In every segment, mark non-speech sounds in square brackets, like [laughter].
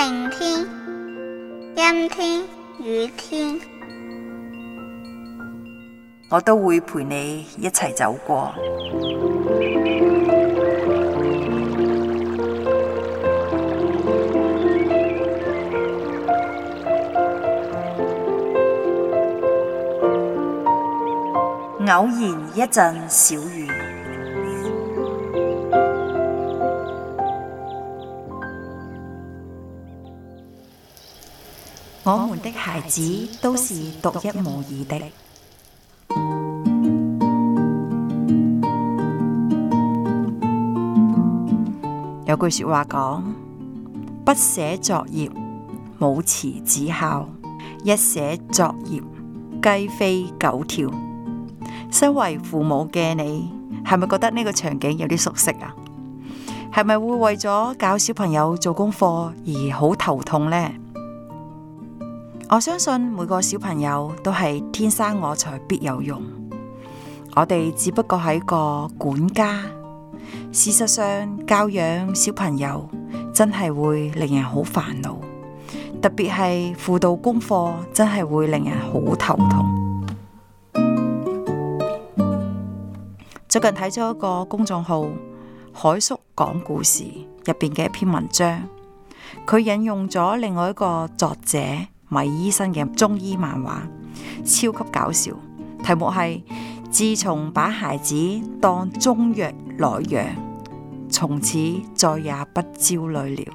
晴天、陰天、雨天，我都會陪你一齊走過。偶然一陣小雨。.我們，我們的孩子都是獨一無二的。有句說話講：不寫作業，母慈子孝；一寫作業，雞飛狗跳。身為父母嘅你，係咪覺得呢個場景有啲熟悉啊？係咪會為咗教小朋友做功課而好頭痛呢？我相信每個小朋友都係天生我材必有用。我哋只不過係一個管家。事實上教養小朋友真係會令人好煩惱，特別係輔導功課真係會令人好頭痛。最近睇咗一個公眾號《海叔講故事》入邊嘅一篇文章，佢引用咗另外一個作者。米醫生嘅中醫漫畫超級搞笑，題目係自從把孩子當中藥來養，從此再也不焦慮了。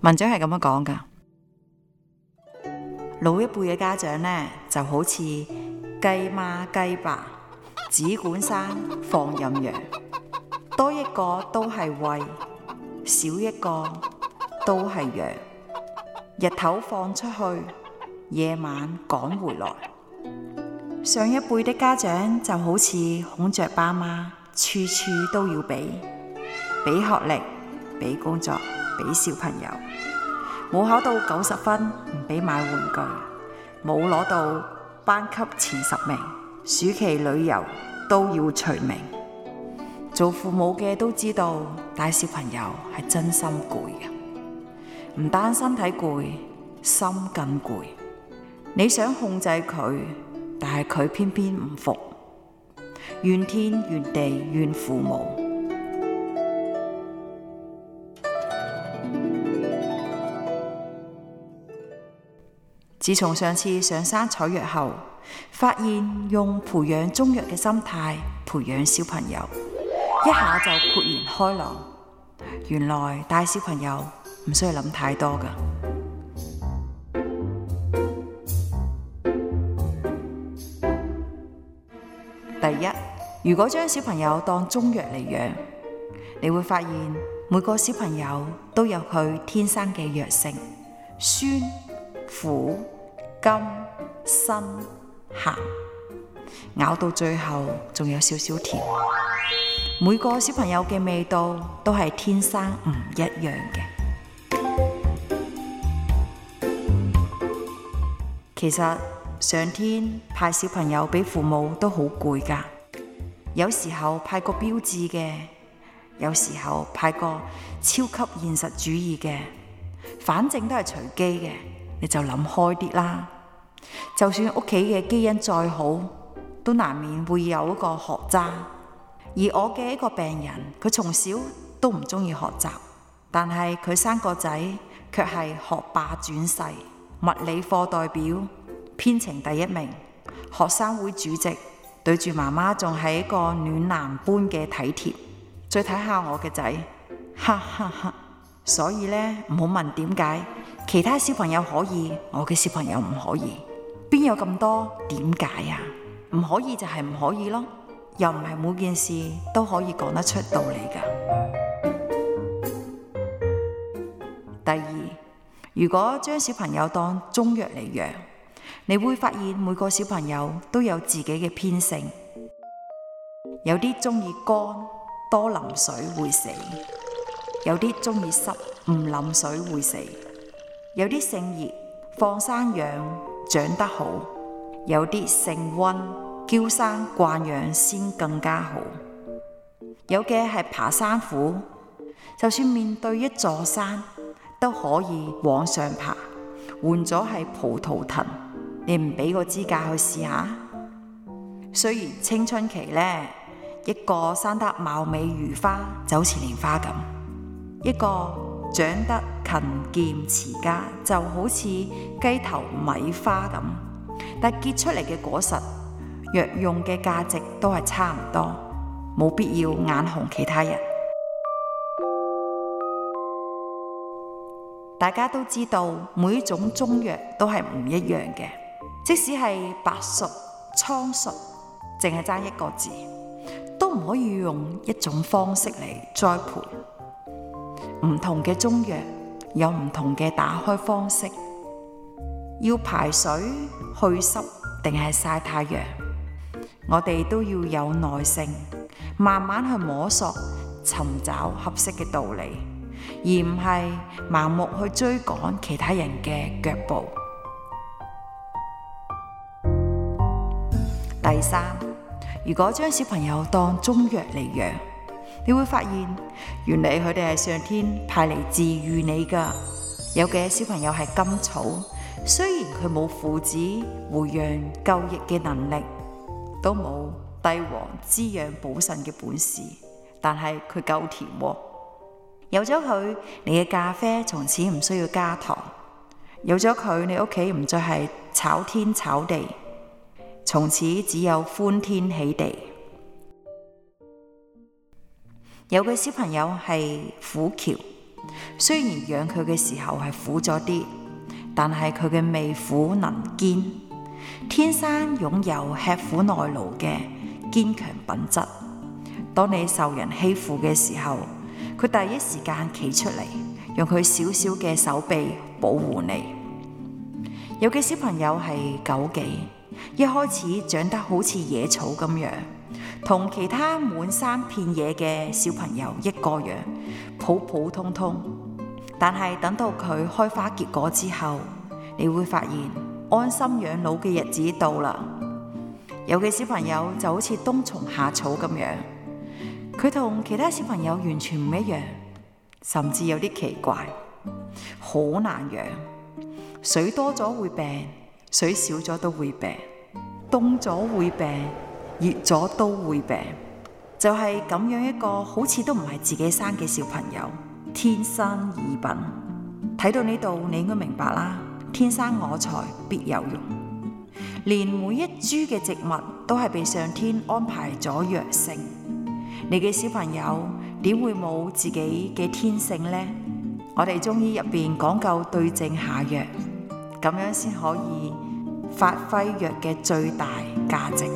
文章係咁樣講噶，老一輩嘅家長呢，就好似雞媽雞爸。只管生放任羊，多一個都係喂，少一個都係養。日頭放出去，夜晚趕回來。上一輩的家長就好似孔雀爸媽，處處都要比，比學歷，比工作，比小朋友。冇考到九十分，唔俾買玩具，冇攞到班級前十名，暑期旅遊，都要除名，做父母嘅都知道帶小朋友係真心攰嘅，唔單身體攰，心更攰。你想控制佢，但係佢偏偏唔服，怨天怨地怨父母。自從上次上山採藥後。發現用培養中藥嘅心態培養小朋友，一下就豁然開朗。原來帶小朋友唔需要諗太多㗎。第一，如果將小朋友當中藥嚟養，你會發現每個小朋友都有佢天生嘅藥性，酸、苦、甘、辛。鹹咬到最後仲有少少甜，每個小朋友嘅味道都係天生唔一樣嘅。其實上天派小朋友俾父母都好攰㗎，有時候派個標誌嘅，有時候派個超級現實主義嘅，反正都係隨機嘅，你就諗開啲啦。就算屋企嘅基因再好，都難免會有一個學渣。而我嘅一個病人，佢從小都唔中意學習，但係佢生個仔卻係學霸轉世，物理課代表，編程第一名，學生會主席，對住媽媽仲係一個暖男般嘅體貼。再睇下我嘅仔，哈哈哈哈！所以呢，唔好問點解，其他小朋友可以，我嘅小朋友唔可以。邊有咁多？點解啊？唔可以就係唔可以咯。又唔係每件事都可以講得出道理噶。第二，如果將小朋友當中藥嚟養，你會發現每個小朋友都有自己嘅偏性，有啲中意乾，多淋水會死；有啲中意濕，唔淋水會死；有啲性熱，放生養。長得好，有啲性溫，嬌生慣養先更加好。有嘅係爬山虎，就算面對一座山都可以往上爬。換咗係葡萄藤，你唔俾個支架去試下？雖然青春期呢，一個生得貌美如花，就好似蓮花咁，一個。長得勤儉持家，就好似雞頭米花咁，但結出嚟嘅果實，藥用嘅價值都係差唔多，冇必要眼紅其他人。大家都知道每一種中藥都係唔一樣嘅，即使係白朮、蒼朮，淨係爭一個字，都唔可以用一種方式嚟栽培。唔同嘅中藥，有唔同嘅打開方式，要排水、去濕，定係曬太陽？我哋都要有耐性慢慢去摸索尋找合適嘅道理，而唔係盲目去追趕其他人嘅腳步。第三，如果將小朋友當中藥嚟養。 [noise] 你會發現，原嚟佢哋係上天派嚟治癒你噶。有嘅小朋友係甘草，雖然佢冇附子回陽救逆嘅能力，都冇地黃滋養補腎嘅本事，但係佢夠甜喎。有咗佢，你嘅咖啡從此唔需要加糖；有咗佢，你屋企唔再係炒天炒地，從此只有歡天喜地。有嘅小朋友係苦蕎，雖然養佢嘅時候係苦咗啲，但係佢嘅味苦能堅，天生擁有吃苦耐勞嘅堅強品質。當你受人欺負嘅時候，佢第一時間企出嚟，用佢小小嘅手臂保護你。有嘅小朋友係枸杞，一開始長得好似野草咁樣。同其他滿山遍野嘅小朋友一個樣，普普通通。但係等到佢開花結果之後，你會發現安心養老嘅日子到啦。有嘅小朋友就好似冬蟲夏草咁樣，佢同其他小朋友完全唔一樣，甚至有啲奇怪，好難養。水多咗會病，水少咗都會病，凍咗會病。熱咗都會病，就係咁樣一個好似都唔係自己生嘅小朋友，天生異稟。睇到呢度，你應該明白啦。天生我材必有用，連每一株嘅植物都係被上天安排咗藥性。你嘅小朋友點會冇自己嘅天性呢？我哋中醫入邊講究對症下藥，咁樣先可以發揮藥嘅最大價值。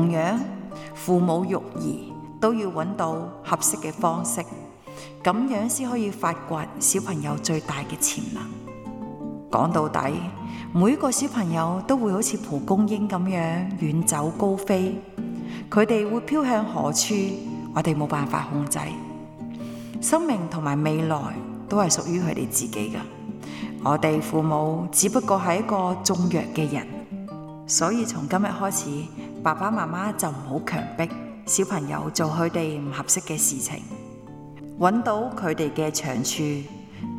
同樣，父母育兒都要揾到合適嘅方式，咁樣先可以發掘小朋友最大嘅潛能。講到底，每個小朋友都會好似蒲公英咁樣遠走高飛，佢哋會飄向何處，我哋冇辦法控制。生命同埋未來都係屬於佢哋自己噶，我哋父母只不過係一個種藥嘅人，所以從今日開始。爸爸媽媽就唔好強迫小朋友做佢哋唔合適嘅事情，揾到佢哋嘅長處，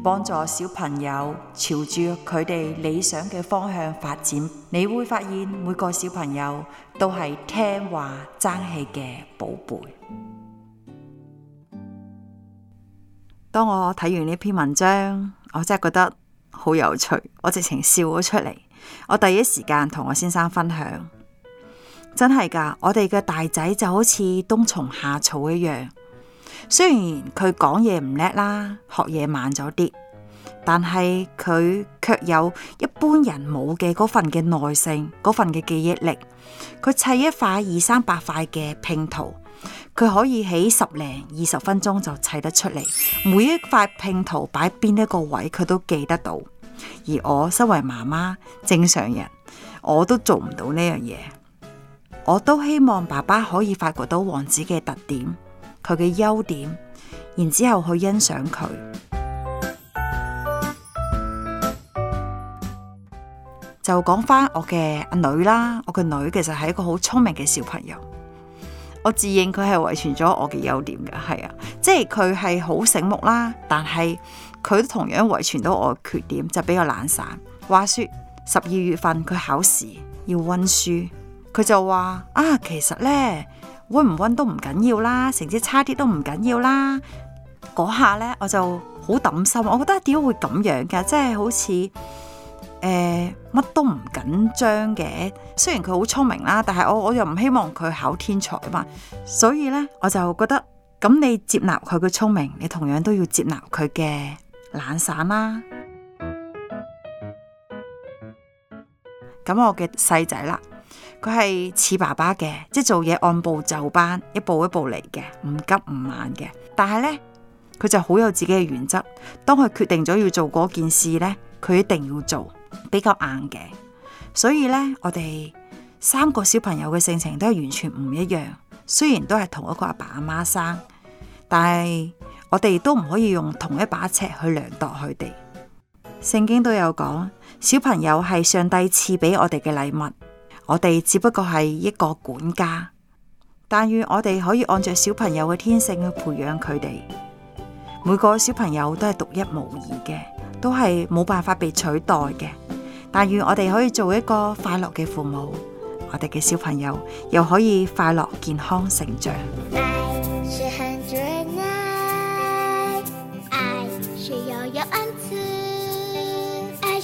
幫助小朋友朝住佢哋理想嘅方向發展。你會發現每個小朋友都係聽話爭氣嘅寶貝。當我睇完呢篇文章，我真係覺得好有趣，我直情笑咗出嚟。我第一時間同我先生分享。真係噶，我哋嘅大仔就好似冬蟲夏草一樣。雖然佢講嘢唔叻啦，學嘢慢咗啲，但係佢卻有一般人冇嘅嗰份嘅耐性，嗰份嘅記憶力。佢砌一塊二三百塊嘅拼圖，佢可以喺十零二十分鐘就砌得出嚟。每一塊拼圖擺邊一個位，佢都記得到。而我身為媽媽，正常人，我都做唔到呢樣嘢。我都希望爸爸可以發覺到王子嘅特點，佢嘅優點，然之後去欣賞佢。就講翻我嘅女啦，我嘅女其實係一個好聰明嘅小朋友，我自認佢係遺傳咗我嘅優點嘅，係啊，即係佢係好醒目啦，但係佢同樣遺傳到我嘅缺點，就比較懶散。話說十二月份佢考試要溫書。佢就話啊，其實咧溫唔溫都唔緊要啦，成績差啲都唔緊要啦。嗰下咧，我就好抌心。我覺得點解會咁樣嘅？即係好似誒，乜都唔緊張嘅。雖然佢好聰明啦，但係我我又唔希望佢考天才啊嘛。所以咧，我就覺得咁你接納佢嘅聰明，你同樣都要接納佢嘅懶散啦。咁我嘅細仔啦。佢係似爸爸嘅，即係做嘢按部就班，一步一步嚟嘅，唔急唔慢嘅。但係呢，佢就好有自己嘅原則。當佢決定咗要做嗰件事呢，佢一定要做，比較硬嘅。所以呢，我哋三個小朋友嘅性情都係完全唔一樣。雖然都係同一個阿爸阿媽生，但係我哋都唔可以用同一把尺去量度佢哋。聖經都有講，小朋友係上帝賜俾我哋嘅禮物。我哋只不過係一個管家，但願我哋可以按照小朋友嘅天性去培養佢哋。每個小朋友都係獨一無二嘅，都係冇辦法被取代嘅。但願我哋可以做一個快樂嘅父母，我哋嘅小朋友又可以快樂健康成長。